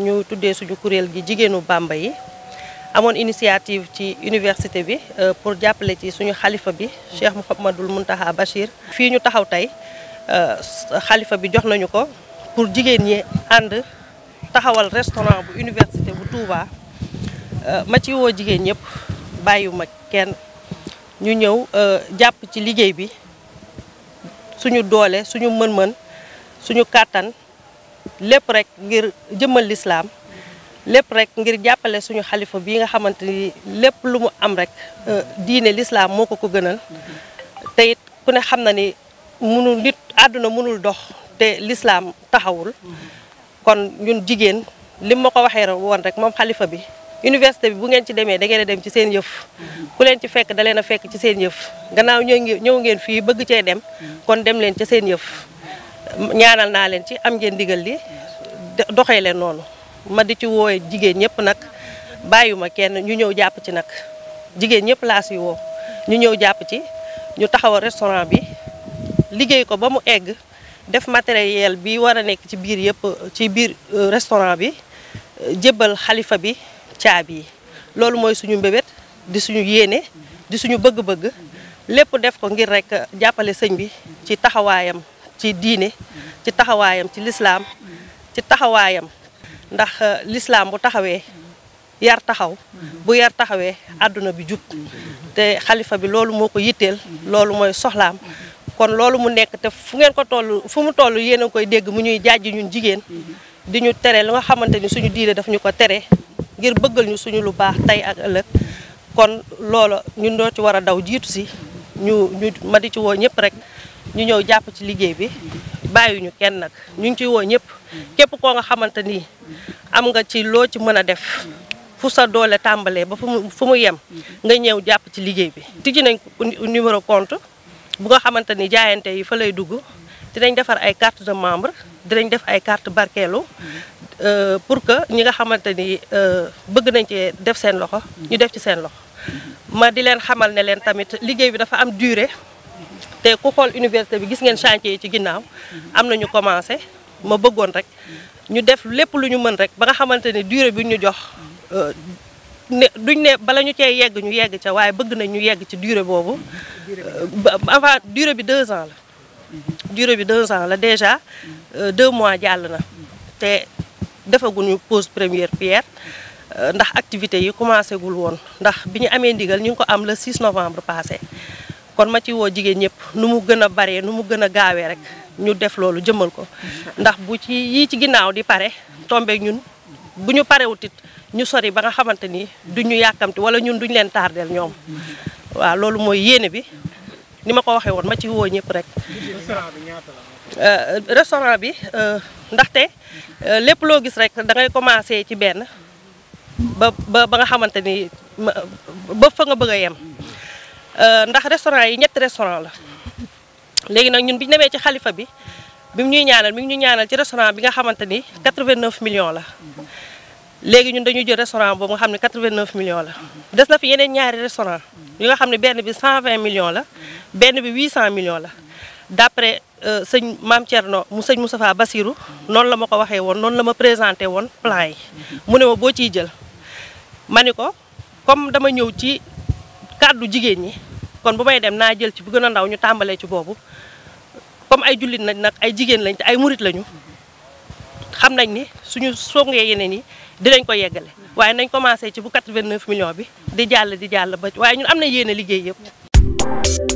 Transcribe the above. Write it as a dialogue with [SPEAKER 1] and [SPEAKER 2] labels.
[SPEAKER 1] ñu tuddee suñu kuréel gi jigéenu Bamba yi amoon initiative ci université bi euh, pour jàppale ci suñu xalifa bi Cheikh Mouhamadul Mountaha Bachir. fii ñu taxaw tey euh, xalifa bi jox nañu ko pour jigéen ñi ànd taxawal restaurant bu université bu Touba euh, ma ci woo jigéen ñëpp bàyyiwuma kenn ñu ñëw jàpp ci liggéey bi suñu doole suñu mën-mën suñu kàttan lépp rek ngir jëmmal lislaam lépp rek ngir jàppale suñu xalifa bi nga xamante ni lépp lu mu am rek euh, diine lislaam moo ko ko gënal te it ku ne xam na ni mënul nit àdduna mënul dox te lislaam taxawul kon ñun jigéen lim ma ko waxee woon rek moom xalifa bi université bi bu ngeen ci demee da ngeen a dem ci seen yëf ku leen ci fekk da leen a fekk ci seen yëf gannaaw ñëw ngeen fii bëgg cee dem kon dem leen ci seen yëf ñaanal naa leen ci am ngeen ndigal li doxee leen noonu ma di ci wooye jigéen ñëpp nag bàyyuma kenn ñu ñëw jàpp ci nag jigéen ñëpp laa si woo ñu ñëw jàpp ci ñu taxawal restaurant bi liggéey ko ba mu egg def matériel bi war a nekk ci biir yëpp ci biir euh, restaurant bi jébbal xalifa bi caabi yi loolu mooy suñu mbébét di suñu yéene di suñu bëgg-bëgg lépp def ko ngir rek jàppale sëñ bi ci taxawaayam ci diine ci taxawaayam ci lislaam ci taxawaayam ndax euh, lislaam bu taxawee yar taxaw bu yar taxawee àdduna bi jub te xalifa bi loolu moo ko yitteel loolu mooy soxlaam kon loolu mu nekk te fu ngeen ko toll fu mu toll yéen a koy dégg mu ñuy jàjj ñun jigéen di ñu tere lu nga xamante ni suñu diine daf ñu ko tere ngir bëggal ñu suñu lu baax tey ak ëllëg kon loola ñun doo ci war a daw jiitu si ñu ñu ma di ci woo ñëpp rek ñu ñëw jàpp ci liggéey bi bàyyiwuñu kenn nag ñu ngi ciy woo ñëpp képp koo nga xamante ni am nga ci loo ci mën a def fu sa doole tàmbalee ba fu mu fu mu yem nga ñëw jàpp ci liggéey bi. tijji nañ numéro compte bu nga xamante ni jaayante yi fa lay dugg dinañ defar ay carte de membre dinañ def ay carte barkeelu euh, pour que ñi nga xamante ni euh, bëgg nañ cee def seen loxo. ñu def ci seen loxo ma di leen xamal ne leen tamit liggéey bi dafa am durée. te ku xool université bi gis ngeen chantier yi ci ginnaaw mhm. am na ñu commencé ma bëggoon rek ñu def lépp lu ñu mën rek ba nga xamante ne durée bi ñu jox mhm. euh, ne duñ ne bala ñu cee yegg ñu yegg ca waaye bëgg nañ ñu yegg ci durée boobu euh, avant durée bi deux ans la mhm. durée bi deux ans la déjà euh, deux mois jàll na te defaguñu pose première pierre ndax activité yi commencé gul woon ndax bi ñu amee ndigal ñu ngi ko am le 6 novembre passé kon ma ci wo jigen ñep nu mu gëna bare nu mu gëna gaawé rek ñu def loolu jëmmal ko ndax bu ci yi ci ginaaw di pare tombeek ñun bu ñu wutit ñu sori ba nga xamanteni ni duñu yakamti wala ñun duñ leen tardel ñom wa loolu moy yene bi ni ma ko waxee woon ma ci wo ñep rek restaurant bi euh, euh, ndaxte euh, lépp loo gis rek da ngay commencé ci ben ba ba nga xamanteni ba fa nga bëgg yam Euh, ndax restaurant yi ñetti restaurant la léegi nag ñun bi ñu demee ci xalifa bi bi mu ñuy ñaanal mi ngi ñu ñaanal ci restaurant bi nga xamante ni 89 millions la léegi ñun dañuy jël restaurant boobu nga xam ne 89 millions la des na fi yeneen ñaari restaurant yu nga xam ne benn bi 120 millions la benn bi 800 millions la d'après euh, sëñ maam Thierno mu sëñ Moustapha Bassirou noonu la ma ko waxee woon noonu la ma présenté woon plan yi mu ne ma boo ciy jël ma ni ko comme dama ñëw ci kàddu jigéen ñi kon bu may dem naa jël ci bu gën a ndaw ñu tàmbalee ci boobu comme ay jullit nañ nag ay jigéen lañ te ay murit lañu xam nañ ni suñu soo songee yeneen yi dinañ ko yeggale waaye nañ commencé ci bu 89 million bi di jàll di jàll ba waaye ñun am na yéene liggéey yëpp.